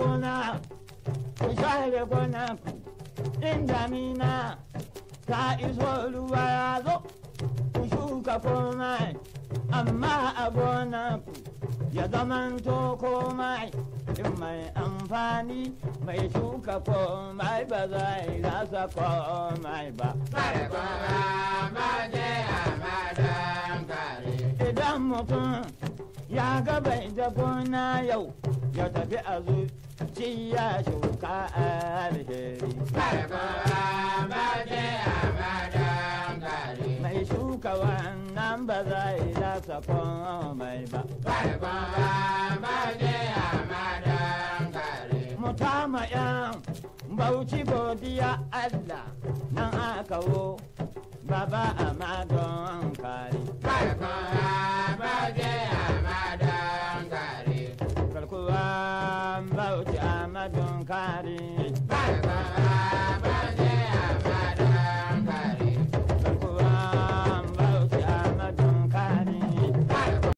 gona ku share gona in damina ta iso ruwa ya zo ku shuka komai amma a gona ya zamanto komai in mai amfani mai shuka komai ba za yi rasa komai ba idan mutum ya gaba da gona yau ya tafi a zuciya shuka alheri. Karba baje a madan gari. Mai shuka wannan ba za yi rasa komai ba. Karba baje a madan gari. Mutama yan bauchi godiya Allah nan aka wo baba a madan dọ̀nkari. báyìí bá